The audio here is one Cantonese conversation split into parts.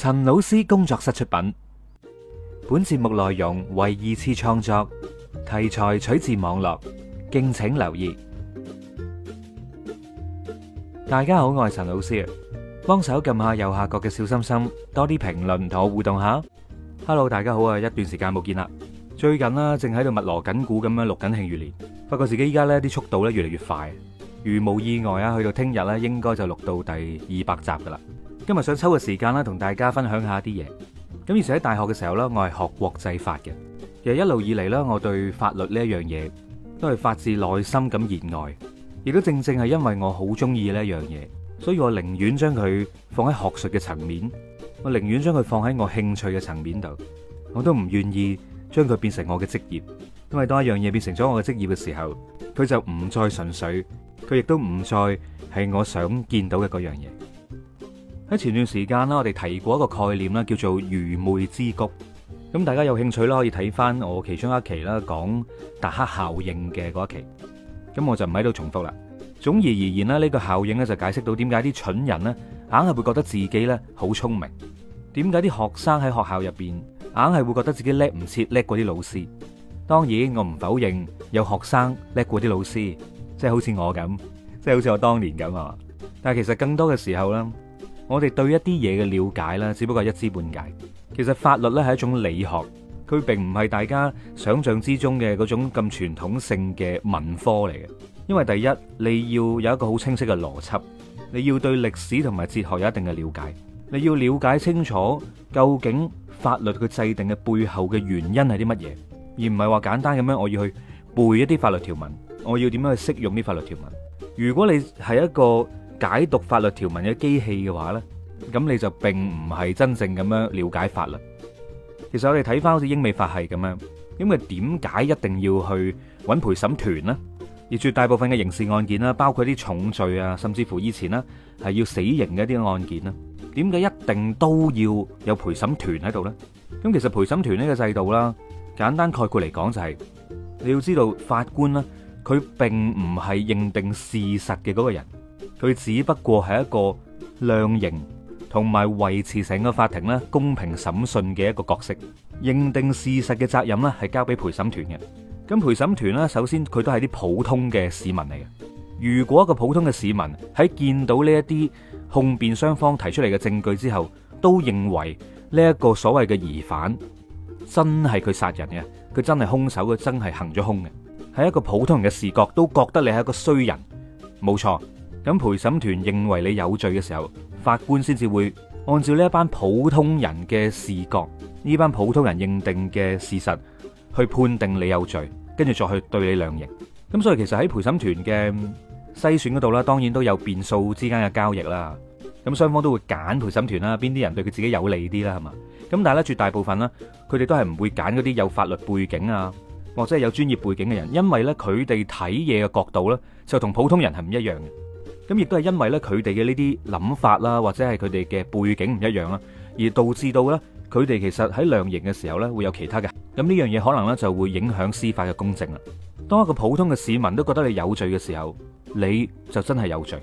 陳老師工作室出品，本節目內容為二次創作，題材取自網絡，敬請留意。大家好，我係陳老師，幫手撳下右下角嘅小心心，多啲評論同我互動下。Hello，大家好啊，一段時間冇見啦，最近啦、啊，正喺度密鑼緊鼓咁樣錄緊《慶餘年》，發覺自己依家呢啲速度咧越嚟越快，如無意外啊，去到聽日呢應該就錄到第二百集噶啦。今日想抽個時間啦，同大家分享下啲嘢。咁而且喺大學嘅時候咧，我係學國際法嘅。其實一路以嚟咧，我對法律呢一樣嘢都係發自內心咁熱愛。亦都正正係因為我好中意呢一樣嘢，所以我寧願將佢放喺學術嘅層面，我寧願將佢放喺我興趣嘅層面度，我都唔願意將佢變成我嘅職業。因為當一樣嘢變成咗我嘅職業嘅時候，佢就唔再純粹，佢亦都唔再係我想見到嘅嗰樣嘢。喺前段時間啦，我哋提過一個概念啦，叫做愚昧之谷。咁大家有興趣咧，可以睇返我其中一期啦，講達克效應嘅嗰一期。咁我就唔喺度重複啦。總而言言啦，呢個效應咧就解釋到點解啲蠢人咧，硬係會覺得自己咧好聰明。點解啲學生喺學校入邊，硬係會覺得自己叻唔切叻過啲老師？當然我唔否認有學生叻過啲老師，即係好似我咁，即係好似我當年咁啊。但係其實更多嘅時候啦。我哋對一啲嘢嘅了解呢，只不過係一知半解。其實法律呢係一種理學，佢並唔係大家想象之中嘅嗰種咁傳統性嘅文科嚟嘅。因為第一，你要有一個好清晰嘅邏輯，你要對歷史同埋哲學有一定嘅了解，你要了解清楚究竟法律佢制定嘅背後嘅原因係啲乜嘢，而唔係話簡單咁樣我要去背一啲法律條文，我要點樣去適用啲法律條文。如果你係一個解讀法律條文嘅機器嘅話呢，咁你就並唔係真正咁樣了解法律。其實我哋睇返好似英美法系咁樣，因為點解一定要去揾陪審團呢？而絕大部分嘅刑事案件啦，包括啲重罪啊，甚至乎以前呢係要死刑嘅一啲案件啦，點解一定都要有陪審團喺度呢？咁其實陪審團呢個制度啦，簡單概括嚟講就係你要知道法官呢，佢並唔係認定事實嘅嗰個人。佢只不過係一個量刑同埋維持成個法庭咧公平審訊嘅一個角色，認定事實嘅責任咧係交俾陪審團嘅。咁陪審團咧，首先佢都係啲普通嘅市民嚟嘅。如果一個普通嘅市民喺見到呢一啲控辯雙方提出嚟嘅證據之後，都認為呢一個所謂嘅疑犯真係佢殺人嘅，佢真係兇手，佢真係行咗凶嘅，喺一個普通人嘅視覺都覺得你係一個衰人，冇錯。咁陪審團認為你有罪嘅時候，法官先至會按照呢一班普通人嘅視覺，呢班普通人認定嘅事實去判定你有罪，跟住再去對你量刑。咁所以其實喺陪審團嘅篩選嗰度啦，當然都有辯訴之間嘅交易啦。咁雙方都會揀陪審團啦，邊啲人對佢自己有利啲啦，係嘛？咁但係咧，絕大部分啦，佢哋都係唔會揀嗰啲有法律背景啊，或者係有專業背景嘅人，因為呢，佢哋睇嘢嘅角度呢，就同普通人係唔一樣嘅。咁亦都係因為咧，佢哋嘅呢啲諗法啦，或者係佢哋嘅背景唔一樣啦，而導致到呢，佢哋其實喺量刑嘅時候呢，會有其他嘅。咁呢樣嘢可能呢，就會影響司法嘅公正啦。當一個普通嘅市民都覺得你有罪嘅時候，你就真係有罪。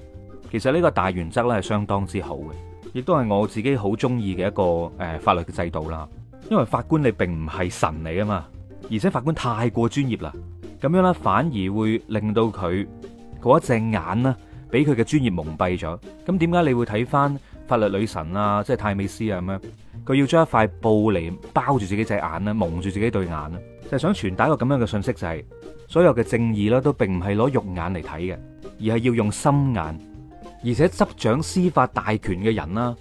其實呢個大原則呢，係相當之好嘅，亦都係我自己好中意嘅一個誒法律嘅制度啦。因為法官你並唔係神嚟，啊嘛，而且法官太過專業啦，咁樣呢，反而會令到佢嗰一隻眼啦。俾佢嘅專業蒙蔽咗，咁點解你會睇返法律女神啊，即係泰美斯啊咁樣？佢要將一塊布嚟包住自己隻眼啦，蒙住自己對眼啦，就係、是、想傳達一個咁樣嘅信息、就是，就係所有嘅正義啦，都並唔係攞肉眼嚟睇嘅，而係要用心眼。而且執掌司法大權嘅人啦，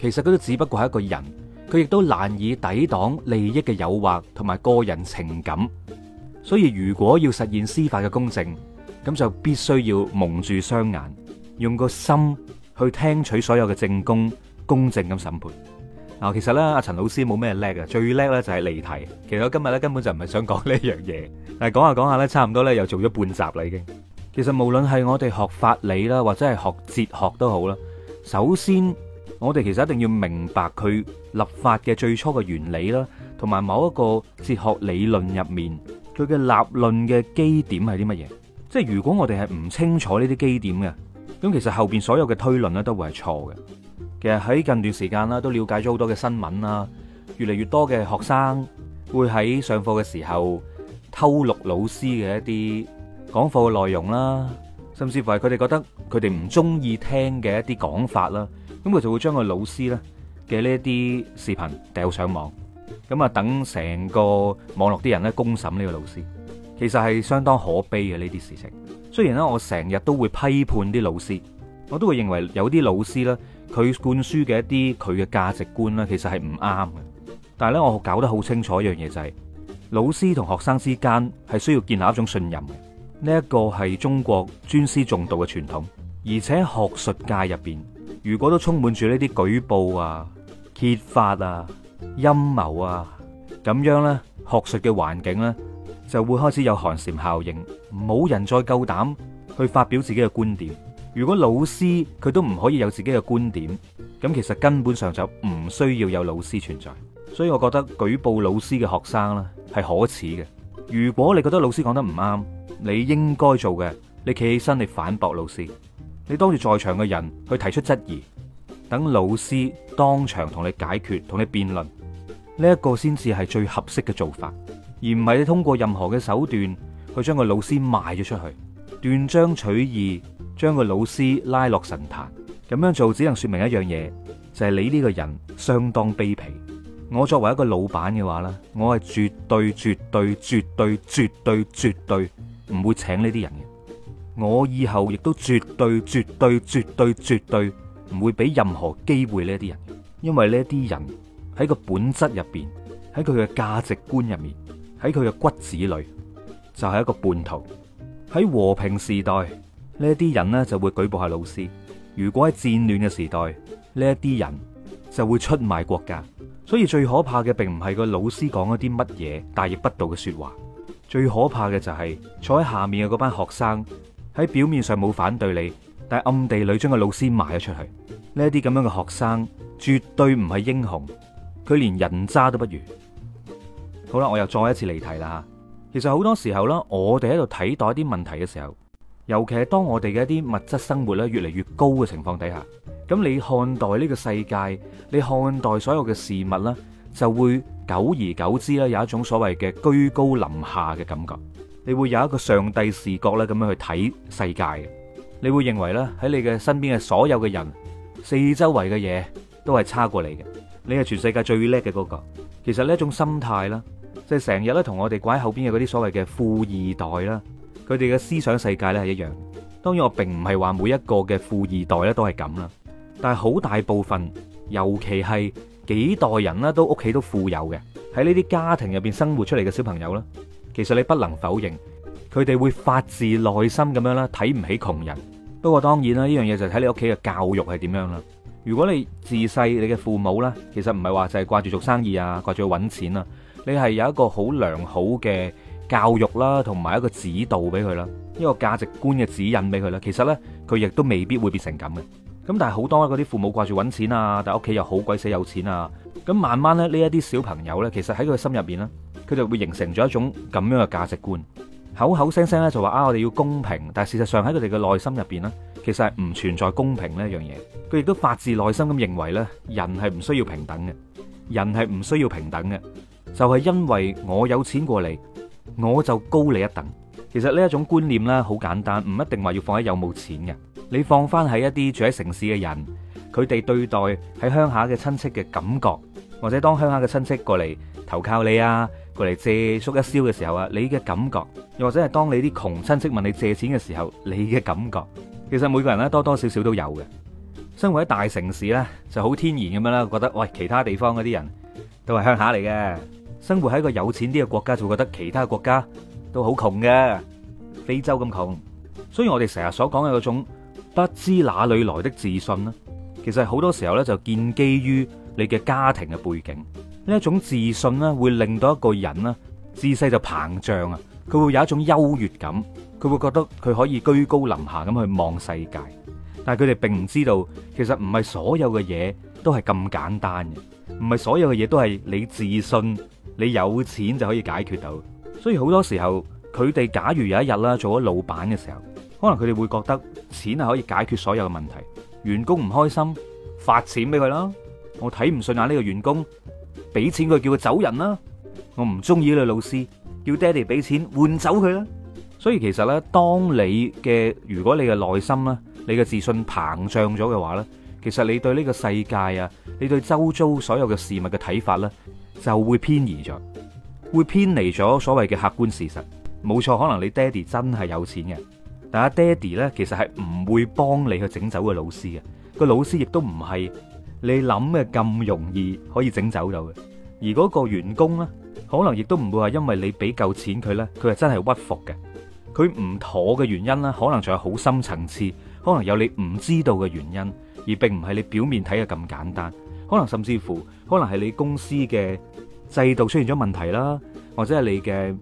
其實佢都只不過係一個人，佢亦都難以抵擋利益嘅誘惑同埋個人情感。所以如果要實現司法嘅公正，咁就必須要蒙住雙眼，用個心去聽取所有嘅證供，公正咁審判嗱。其實呢，阿陳老師冇咩叻啊，最叻呢就係離題。其實我今日呢，根本就唔係想講呢一樣嘢，但係講下講下呢，差唔多呢又做咗半集啦。已經其實無論係我哋學法理啦，或者係學哲學都好啦，首先我哋其實一定要明白佢立法嘅最初嘅原理啦，同埋某一個哲學理論入面佢嘅立論嘅基點係啲乜嘢。即係如果我哋係唔清楚呢啲基點嘅，咁其實後邊所有嘅推論咧都會係錯嘅。其實喺近段時間啦，都了解咗好多嘅新聞啦，越嚟越多嘅學生會喺上課嘅時候偷錄老師嘅一啲講課嘅內容啦，甚至乎係佢哋覺得佢哋唔中意聽嘅一啲講法啦，咁佢就會將個老師咧嘅呢一啲視頻掉上網，咁啊等成個網絡啲人咧公審呢個老師。其實係相當可悲嘅呢啲事情。雖然咧，我成日都會批判啲老師，我都會認為有啲老師咧，佢灌輸嘅一啲佢嘅價值觀咧，其實係唔啱嘅。但係咧，我搞得好清楚一樣嘢就係，老師同學生之間係需要建立一種信任。呢一個係中國尊師重道嘅傳統。而且學術界入邊，如果都充滿住呢啲舉報啊、揭發啊、陰謀啊咁樣呢，學術嘅環境呢。就會開始有寒蟬效應，冇人再夠膽去發表自己嘅觀點。如果老師佢都唔可以有自己嘅觀點，咁其實根本上就唔需要有老師存在。所以我覺得舉報老師嘅學生呢係可恥嘅。如果你覺得老師講得唔啱，你應該做嘅，你企起身嚟反駁老師，你當住在場嘅人去提出質疑，等老師當場同你解決，同你辯論，呢一個先至係最合適嘅做法。而唔係通過任何嘅手段去將個老師賣咗出去，斷章取義，將個老師拉落神壇咁樣做，只能説明一樣嘢，就係你呢個人相當卑鄙。我作為一個老闆嘅話呢，我係絕對、絕對、絕對、絕對、絕對唔會請呢啲人嘅。我以後亦都絕對、絕對、絕對、絕對唔會俾任何機會呢啲人，因為呢啲人喺個本質入邊，喺佢嘅價值觀入面。喺佢嘅骨子裏，就係一個叛徒。喺和平時代，呢啲人呢就會舉報下老師；如果喺戰亂嘅時代，呢一啲人就會出賣國家。所以最可怕嘅並唔係個老師講一啲乜嘢大逆不道嘅說話，最可怕嘅就係坐喺下面嘅嗰班學生喺表面上冇反對你，但係暗地裏將個老師賣咗出去。呢啲咁樣嘅學生絕對唔係英雄，佢連人渣都不如。好啦，我又再一次離題啦吓。其實好多時候咧，我哋喺度睇待一啲問題嘅時候，尤其係當我哋嘅一啲物質生活咧越嚟越高嘅情況底下，咁你看待呢個世界，你看待所有嘅事物咧，就會久而久之咧有一種所謂嘅居高臨下嘅感覺。你會有一個上帝視角咧，咁樣去睇世界。你會認為咧喺你嘅身邊嘅所有嘅人，四周圍嘅嘢都係差過你嘅，你係全世界最叻嘅嗰個。其實呢一種心態啦。即係成日咧同我哋拐後邊嘅嗰啲所謂嘅富二代啦，佢哋嘅思想世界咧係一樣。當然我並唔係話每一個嘅富二代咧都係咁啦，但係好大部分，尤其係幾代人啦，都屋企都富有嘅，喺呢啲家庭入邊生活出嚟嘅小朋友啦。其實你不能否認，佢哋會發自內心咁樣啦，睇唔起窮人。不過當然啦，呢樣嘢就睇你屋企嘅教育係點樣啦。如果你自細你嘅父母呢，其實唔係話就係掛住做生意啊，掛住去搵錢啊，你係有一個好良好嘅教育啦、啊，同埋一個指導俾佢啦，一個價值觀嘅指引俾佢啦，其實呢，佢亦都未必會變成咁嘅。咁但係好多嗰啲父母掛住揾錢啊，但屋企又好鬼死有錢啊，咁慢慢咧呢一啲小朋友呢，其實喺佢心入邊呢，佢就會形成咗一種咁樣嘅價值觀，口口聲聲咧就話啊我哋要公平，但事實上喺佢哋嘅內心入邊呢。其實係唔存在公平呢樣嘢，佢亦都發自內心咁認為呢，人係唔需要平等嘅，人係唔需要平等嘅，就係因為我有錢過嚟，我就高你一等。其實呢一種觀念呢，好簡單，唔一定話要放喺有冇錢嘅，你放翻喺一啲住喺城市嘅人，佢哋對待喺鄉下嘅親戚嘅感覺，或者當鄉下嘅親戚過嚟投靠你啊，過嚟借宿一宵嘅時候啊，你嘅感覺，又或者係當你啲窮親戚問你借錢嘅時候，你嘅感覺。其實每個人咧多多少少都有嘅，生活喺大城市呢，就好天然咁樣啦。覺得喂，其他地方嗰啲人都係鄉下嚟嘅，生活喺一個有錢啲嘅國家，就覺得其他國家都好窮嘅，非洲咁窮。所以我，我哋成日所講嘅嗰種不知哪裏來的自信咧，其實好多時候呢，就建基於你嘅家庭嘅背景。呢一種自信呢，會令到一個人呢，自細就膨脹啊，佢會有一種優越感。佢會覺得佢可以居高臨下咁去望世界，但係佢哋並唔知道，其實唔係所有嘅嘢都係咁簡單嘅，唔係所有嘅嘢都係你自信、你有錢就可以解決到。所以好多時候，佢哋假如有一日啦，做咗老闆嘅時候，可能佢哋會覺得錢係可以解決所有嘅問題。員工唔開心，發錢俾佢啦。我睇唔順眼呢個員工，俾錢佢叫佢走人啦。我唔中意呢個老師，叫爹哋俾錢換走佢啦。所以其實咧，當你嘅如果你嘅內心咧，你嘅自信膨脹咗嘅話呢，其實你對呢個世界啊，你對周遭所有嘅事物嘅睇法呢，就會偏移咗，會偏離咗所謂嘅客觀事實。冇錯，可能你爹哋真係有錢嘅，但係爹哋呢，其實係唔會幫你去整走個老師嘅，個老師亦都唔係你諗嘅咁容易可以整走到嘅。而嗰個員工呢，可能亦都唔會話因為你俾夠錢佢呢，佢係真係屈服嘅。佢唔妥嘅原因咧，可能仲有好深層次，可能有你唔知道嘅原因，而並唔係你表面睇嘅咁簡單。可能甚至乎，可能係你公司嘅制度出現咗問題啦，或者係你嘅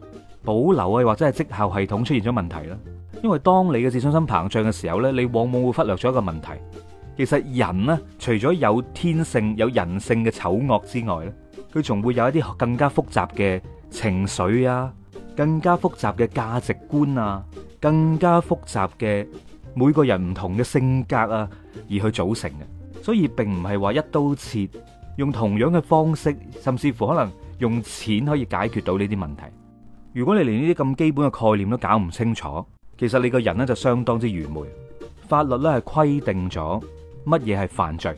保留啊，或者係績效系統出現咗問題啦。因為當你嘅自信心膨脹嘅時候咧，你往往會忽略咗一個問題。其實人咧，除咗有天性、有人性嘅醜惡之外咧，佢仲會有一啲更加複雜嘅情緒啊。更加複雜嘅價值觀啊，更加複雜嘅每個人唔同嘅性格啊，而去組成嘅，所以並唔係話一刀切，用同樣嘅方式，甚至乎可能用錢可以解決到呢啲問題。如果你連呢啲咁基本嘅概念都搞唔清楚，其實你個人呢就相當之愚昧。法律呢係規定咗乜嘢係犯罪，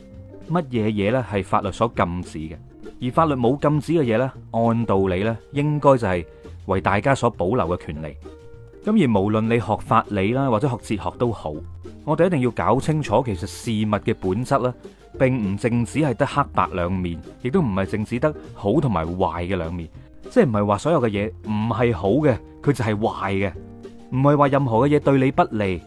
乜嘢嘢呢係法律所禁止嘅，而法律冇禁止嘅嘢呢，按道理呢應該就係、是。為大家所保留嘅權利，咁而無論你學法理啦，或者學哲學都好，我哋一定要搞清楚其實事物嘅本質啦，並唔淨止係得黑白兩面，亦都唔係淨止得好同埋壞嘅兩面，即係唔係話所有嘅嘢唔係好嘅，佢就係壞嘅，唔係話任何嘅嘢對你不利，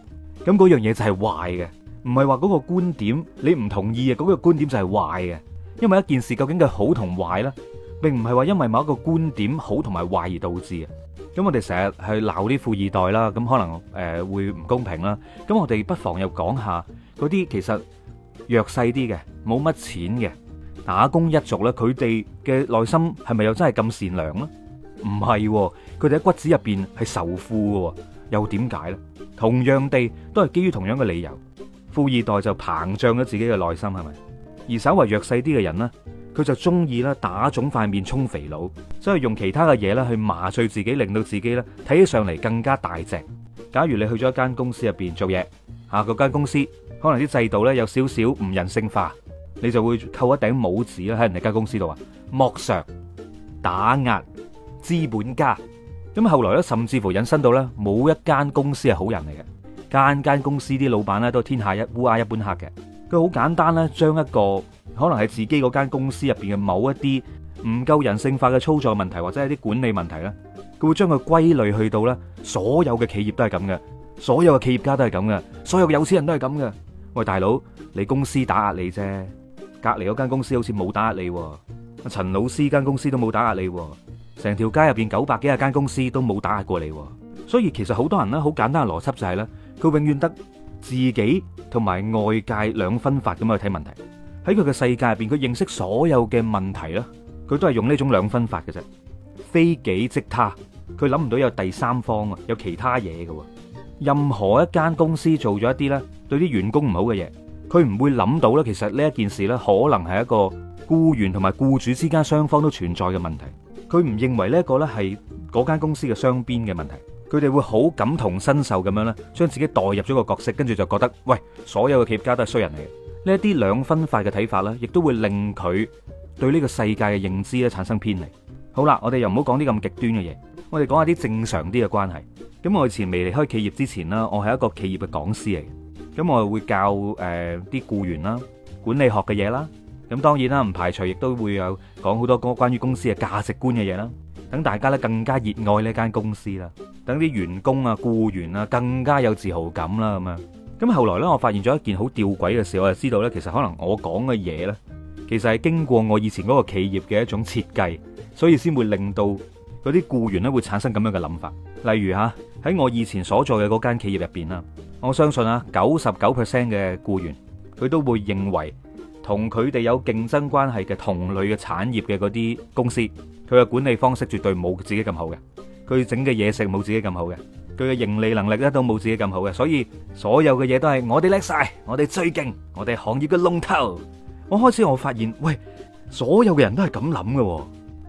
咁嗰樣嘢就係壞嘅，唔係話嗰個觀點你唔同意嘅嗰個觀點就係壞嘅，因為一件事究竟佢好同壞啦。並唔係話因為某一個觀點好同埋壞而導致嘅，咁我哋成日去鬧啲富二代啦，咁可能誒、呃、會唔公平啦。咁我哋不妨又講下嗰啲其實弱勢啲嘅，冇乜錢嘅打工一族咧，佢哋嘅內心係咪又真係咁善良咧？唔係，佢哋喺骨子入邊係仇富嘅，又點解咧？同樣地，都係基於同樣嘅理由，富二代就膨脹咗自己嘅內心，係咪？而稍為弱勢啲嘅人呢？佢就中意咧打腫塊面充肥佬，所以用其他嘅嘢咧去麻醉自己，令到自己咧睇起上嚟更加大隻。假如你去咗一間公司入邊做嘢，吓嗰間公司可能啲制度咧有少少唔人性化，你就會扣一頂帽子啦喺人哋間公司度啊，剝削、打壓、資本家。咁後來咧，甚至乎引申到咧，冇一間公司係好人嚟嘅，間間公司啲老闆咧都係天下一烏鴉一般黑嘅。佢好簡單咧，將一個可能係自己嗰間公司入邊嘅某一啲唔夠人性化嘅操作問題，或者係啲管理問題咧，佢會將佢歸類去到咧，所有嘅企業都係咁嘅，所有嘅企業家都係咁嘅，所有嘅有錢人都係咁嘅。喂，大佬，你公司打壓你啫，隔籬嗰間公司好似冇打壓你，陳老師間公司都冇打壓你，成條街入邊九百幾啊間公司都冇打壓過你，所以其實好多人咧，好簡單嘅邏輯就係咧，佢永遠得。自己同埋外界兩分法咁去睇問題，喺佢嘅世界入邊，佢認識所有嘅問題啦，佢都係用呢種兩分法嘅啫，非己即他，佢諗唔到有第三方啊，有其他嘢嘅，任何一間公司做咗一啲咧對啲員工唔好嘅嘢，佢唔會諗到咧，其實呢一件事咧可能係一個雇員同埋雇主之間雙方都存在嘅問題，佢唔認為呢一個咧係嗰間公司嘅雙邊嘅問題。佢哋會好感同身受咁樣咧，將自己代入咗個角色，跟住就覺得，喂，所有嘅企業家都係衰人嚟嘅。呢一啲兩分法嘅睇法咧，亦都會令佢對呢個世界嘅認知咧產生偏離。好啦，我哋又唔好講啲咁極端嘅嘢，我哋講下啲正常啲嘅關係。咁我以前未離開企業之前啦，我係一個企業嘅講師嚟嘅，咁我就會教誒啲僱員啦，管理學嘅嘢啦。咁當然啦，唔排除亦都會有講好多個關於公司嘅價值觀嘅嘢啦，等大家咧更加熱愛呢間公司啦。等啲員工啊、僱員啊更加有自豪感啦咁啊！咁後來呢，我發現咗一件好吊詭嘅事，我就知道呢，其實可能我講嘅嘢呢，其實係經過我以前嗰個企業嘅一種設計，所以先會令到嗰啲僱員呢會產生咁樣嘅諗法。例如吓，喺我以前所在嘅嗰間企業入邊啦，我相信啊，九十九 percent 嘅僱員佢都會認為同佢哋有競爭關係嘅同類嘅產業嘅嗰啲公司，佢嘅管理方式絕對冇自己咁好嘅。佢整嘅嘢食冇自己咁好嘅，佢嘅盈利能力咧都冇自己咁好嘅，所以所有嘅嘢都係我哋叻晒，我哋最勁，我哋行業嘅龍頭。我開始我發現，喂，所有嘅人都係咁諗嘅，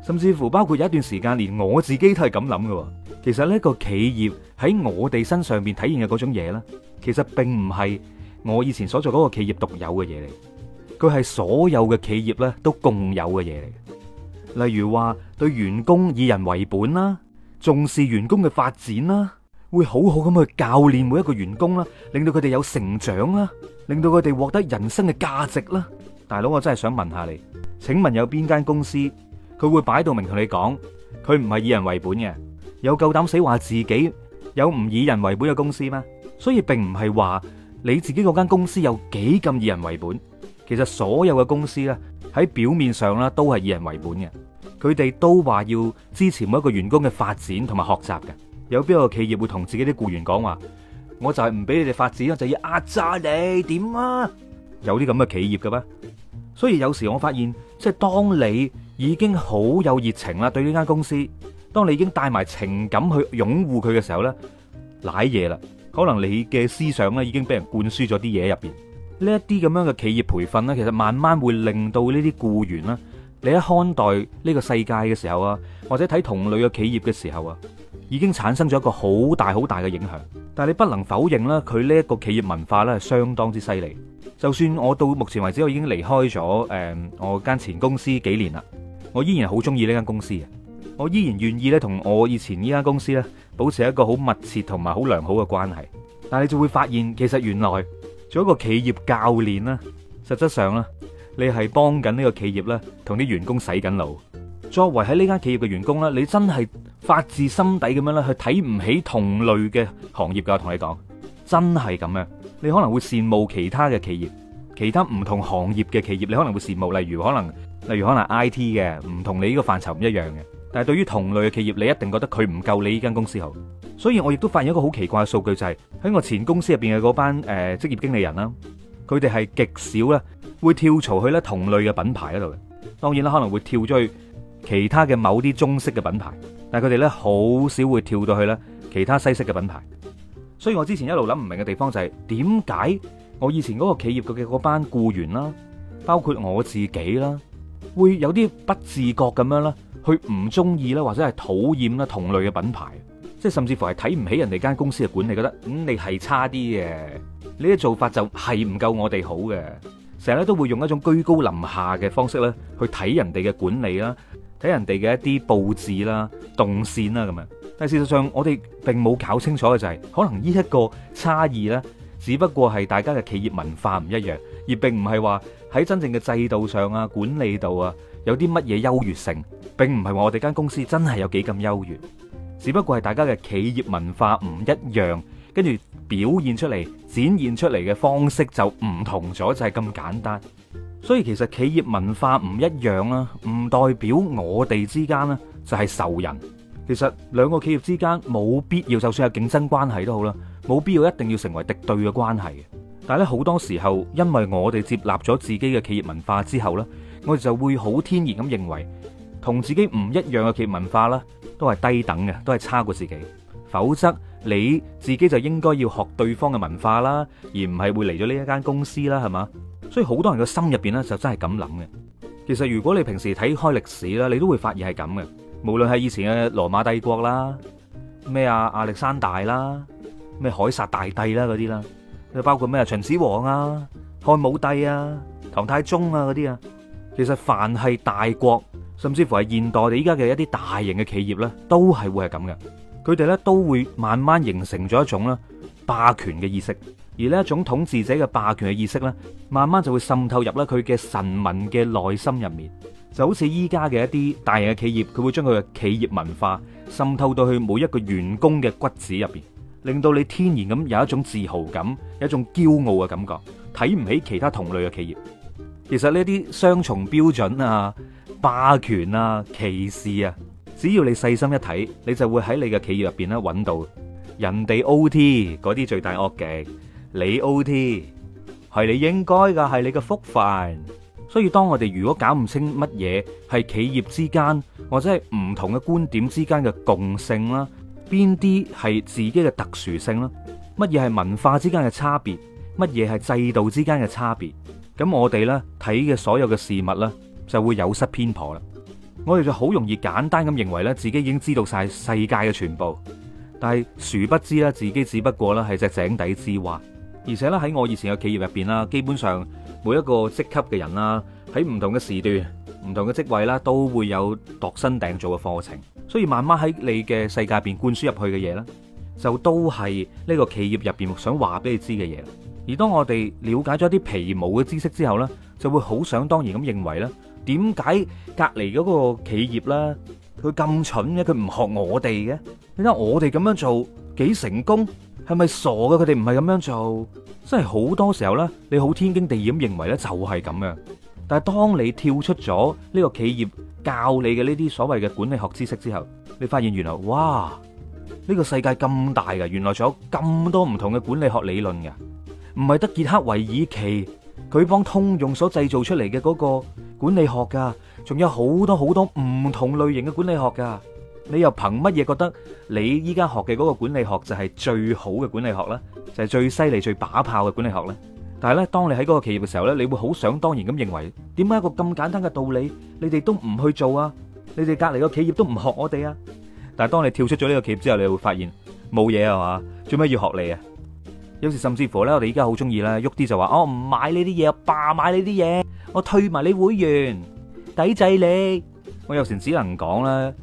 甚至乎包括有一段時間連我自己都係咁諗嘅。其實呢個企業喺我哋身上邊體現嘅嗰種嘢咧，其實並唔係我以前所做嗰個企業獨有嘅嘢嚟，佢係所有嘅企業咧都共有嘅嘢嚟。例如話對員工以人為本啦。重視員工嘅發展啦，會好好咁去教練每一個員工啦，令到佢哋有成長啦，令到佢哋獲得人生嘅價值啦。大佬，我真係想問下你，請問有邊間公司佢會擺到明同你講，佢唔係以人為本嘅？有夠膽死話自己有唔以人為本嘅公司咩？所以並唔係話你自己嗰間公司有幾咁以人為本，其實所有嘅公司咧喺表面上咧都係以人為本嘅。佢哋都話要支持每一個員工嘅發展同埋學習嘅，有邊個企業會同自己啲雇員講話，我就係唔俾你哋發展，我就要壓榨你，點啊？有啲咁嘅企業嘅咩？所以有時我發現，即係當你已經好有熱情啦，對呢間公司，當你已經帶埋情感去擁護佢嘅時候呢，瀨嘢啦，可能你嘅思想咧已經俾人灌輸咗啲嘢入邊。呢一啲咁樣嘅企業培訓呢，其實慢慢會令到呢啲雇員咧。你喺看待呢個世界嘅時候啊，或者睇同類嘅企業嘅時候啊，已經產生咗一個好大好大嘅影響。但係你不能否認咧，佢呢一個企業文化咧係相當之犀利。就算我到目前為止，我已經離開咗誒、嗯、我間前公司幾年啦，我依然好中意呢間公司啊。我依然願意咧同我以前呢間公司咧保持一個好密切同埋好良好嘅關係。但係你就會發現，其實原來做一個企業教練咧，實質上咧。你係幫緊呢個企業咧，同啲員工洗緊腦。作為喺呢間企業嘅員工咧，你真係發自心底咁樣咧，去睇唔起同類嘅行業噶。同你講，真係咁樣。你可能會羨慕其他嘅企業，其他唔同行業嘅企業，你可能會羨慕。例如可能，例如可能 IT 嘅，唔同你呢個範疇唔一樣嘅。但係對於同類嘅企業，你一定覺得佢唔夠你呢間公司好。所以我亦都發現一個好奇怪嘅數據，就係、是、喺我前公司入邊嘅嗰班誒職業經理人啦，佢哋係極少咧。會跳槽去咧同類嘅品牌嗰度嘅，當然啦，可能會跳咗去其他嘅某啲中式嘅品牌，但係佢哋咧好少會跳到去咧其他西式嘅品牌。所以我之前一路諗唔明嘅地方就係點解我以前嗰個企業嘅嗰班僱員啦，包括我自己啦，會有啲不自覺咁樣啦，去唔中意啦，或者係討厭啦同類嘅品牌，即係甚至乎係睇唔起人哋間公司嘅管理，覺得咁你係差啲嘅，你啲做法就係唔夠我哋好嘅。成日都會用一種居高臨下嘅方式咧，去睇人哋嘅管理啦，睇人哋嘅一啲佈置啦、動線啦咁樣。但係事實上，我哋並冇搞清楚嘅就係，可能呢一個差異咧，只不過係大家嘅企業文化唔一樣，而並唔係話喺真正嘅制度上啊、管理度啊，有啲乜嘢優越性。並唔係話我哋間公司真係有幾咁優越，只不過係大家嘅企業文化唔一樣。跟住表現出嚟，展現出嚟嘅方式就唔同咗，就係咁簡單。所以其實企業文化唔一樣啦，唔代表我哋之間呢就係仇人。其實兩個企業之間冇必要，就算係競爭關係都好啦，冇必要一定要成為敵對嘅關係。但係咧，好多時候，因為我哋接納咗自己嘅企業文化之後呢，我哋就會好天然咁認為，同自己唔一樣嘅企業文化啦，都係低等嘅，都係差過自己。否則。你自己就應該要學對方嘅文化啦，而唔係會嚟咗呢一間公司啦，係嘛？所以好多人嘅心入邊呢，就真係咁諗嘅。其實如果你平時睇開歷史啦，你都會發現係咁嘅。無論係以前嘅羅馬帝國啦，咩啊亞歷山大啦，咩海撒大帝凱撒大帝啦嗰啲啦，包括咩啊秦始皇啊、漢武帝啊、唐太宗啊嗰啲啊，其實凡係大國，甚至乎係現代哋依家嘅一啲大型嘅企業咧，都係會係咁嘅。佢哋咧都會慢慢形成咗一種咧霸權嘅意識，而呢一種統治者嘅霸權嘅意識咧，慢慢就會滲透入咧佢嘅臣民嘅內心入面，就好似依家嘅一啲大型嘅企業，佢會將佢嘅企業文化滲透到去每一個員工嘅骨子入邊，令到你天然咁有一種自豪感，有一種驕傲嘅感覺，睇唔起其他同類嘅企業。其實呢啲雙重標準啊、霸權啊、歧視啊。只要你細心一睇，你就會喺你嘅企業入邊揾到人哋 O T 嗰啲最大惡極，你 O T 係你應該噶，係你嘅福分。所以當我哋如果搞唔清乜嘢係企業之間或者係唔同嘅觀點之間嘅共性啦，邊啲係自己嘅特殊性啦，乜嘢係文化之間嘅差別，乜嘢係制度之間嘅差別，咁我哋呢睇嘅所有嘅事物咧就會有失偏頗啦。我哋就好容易簡單咁認為咧，自己已經知道晒世界嘅全部，但係殊不知啦，自己只不過啦係隻井底之蛙。而且咧喺我以前嘅企業入邊啦，基本上每一個職級嘅人啦，喺唔同嘅時段、唔同嘅職位啦，都會有度身訂造嘅課程。所以慢慢喺你嘅世界入邊灌輸入去嘅嘢咧，就都係呢個企業入邊想話俾你知嘅嘢。而當我哋了解咗啲皮毛嘅知識之後咧，就會好想當然咁認為咧。點解隔籬嗰個企業呢，佢咁蠢嘅，佢唔學我哋嘅？你睇我哋咁樣做幾成功，係咪傻嘅？佢哋唔係咁樣做，真係好多時候呢。你好天經地義認為呢就係咁樣，但係當你跳出咗呢個企業教你嘅呢啲所謂嘅管理學知識之後，你發現原來哇呢個世界咁大嘅，原來仲有咁多唔同嘅管理學理論嘅，唔係得傑克韋爾奇佢幫通用所製造出嚟嘅嗰個。管理學噶，仲有好多好多唔同類型嘅管理學噶。你又憑乜嘢覺得你依家學嘅嗰個管理學就係最好嘅管理學呢？就係最犀利、最把炮嘅管理學呢？但係呢，當你喺嗰個企業嘅時候呢，你會好想當然咁認為，點解一個咁簡單嘅道理，你哋都唔去做啊？你哋隔籬個企業都唔學我哋啊？但係當你跳出咗呢個企業之後，你會發現冇嘢啊嘛？做咩要學你啊？有時甚至乎呢，我哋依家好中意咧，喐啲就話哦，唔買呢啲嘢啊，霸買呢啲嘢。我退埋你會員，抵制你。我有時只能講啦，呢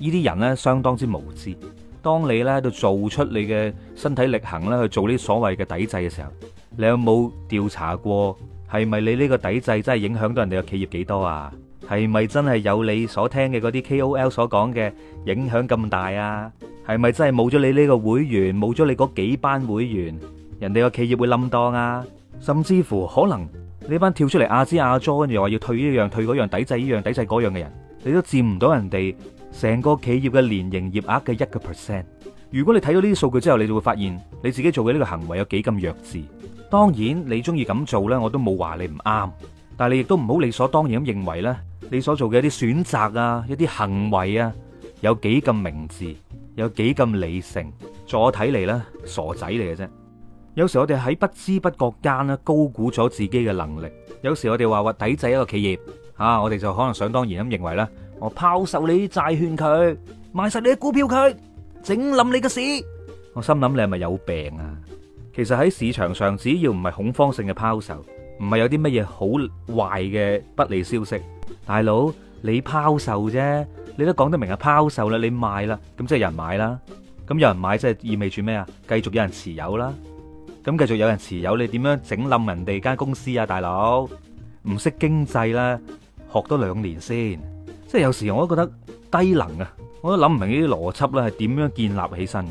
啲人咧相當之無知。當你咧喺度做出你嘅身體力行咧去做呢啲所謂嘅抵制嘅時候，你有冇調查過係咪你呢個抵制真係影響到人哋個企業幾多啊？係咪真係有你所聽嘅嗰啲 KOL 所講嘅影響咁大啊？係咪真係冇咗你呢個會員，冇咗你嗰幾班會員，人哋個企業會冧檔啊？甚至乎可能。.你班跳出嚟亞支亞 JO 跟住話要退呢樣退嗰樣，抵制呢樣抵制嗰樣嘅人，你都佔唔到人哋成個企業嘅年營業額嘅一個 percent。如果你睇到呢啲數據之後，你就會發現你自己做嘅呢個行為有幾咁弱智。當然你中意咁做咧，我都冇話你唔啱，但係你亦都唔好理所當然咁認為咧，你所做嘅一啲選擇啊，一啲行為啊，有幾咁明智，有幾咁理性。在我睇嚟咧，傻仔嚟嘅啫。有時我哋喺不知不覺間咧，高估咗自己嘅能力。有時我哋話話抵制一個企業，吓我哋就可能想當然咁認為咧，我拋售你啲債券，佢賣晒你啲股票，佢整冧你嘅市。我心諗你係咪有病啊？其實喺市場上，只要唔係恐慌性嘅拋售，唔係有啲乜嘢好壞嘅不利消息，大佬你拋售啫，你都講得明啊。拋售啦，你賣啦，咁即係有人買啦。咁有人買即係意味住咩啊？繼續有人持有啦。咁繼續有人持有，你點樣整冧人哋間公司啊？大佬唔識經濟啦，學多兩年先。即係有時我都覺得低能啊，我都諗唔明呢啲邏輯咧係點樣建立起身。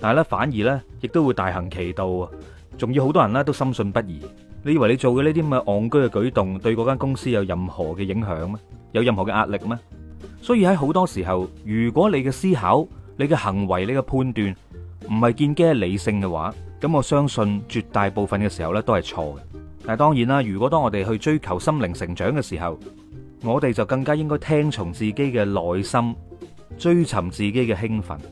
但係咧反而呢亦都會大行其道啊，仲要好多人呢都深信不疑。你以為你做嘅呢啲咁嘅戇居嘅舉動，對嗰間公司有任何嘅影響咩？有任何嘅壓力咩？所以喺好多時候，如果你嘅思考、你嘅行為、你嘅判斷唔係建基於理性嘅話，咁我相信絕大部分嘅時候呢都係錯嘅。但係當然啦，如果當我哋去追求心靈成長嘅時候，我哋就更加應該聽從自己嘅內心，追尋自己嘅興奮。呢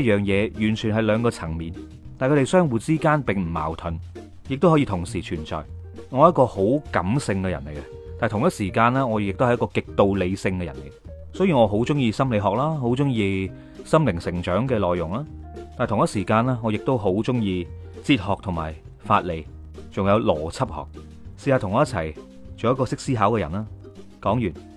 一樣嘢完全係兩個層面，但係佢哋相互之間並唔矛盾，亦都可以同時存在。我係一個好感性嘅人嚟嘅，但係同一時間呢，我亦都係一個極度理性嘅人嚟。所以我好中意心理學啦，好中意心靈成長嘅內容啦。但係同一時間呢，我亦都好中意哲學同埋法理，仲有邏輯學，試下同我一齊做一個識思考嘅人啦！講完。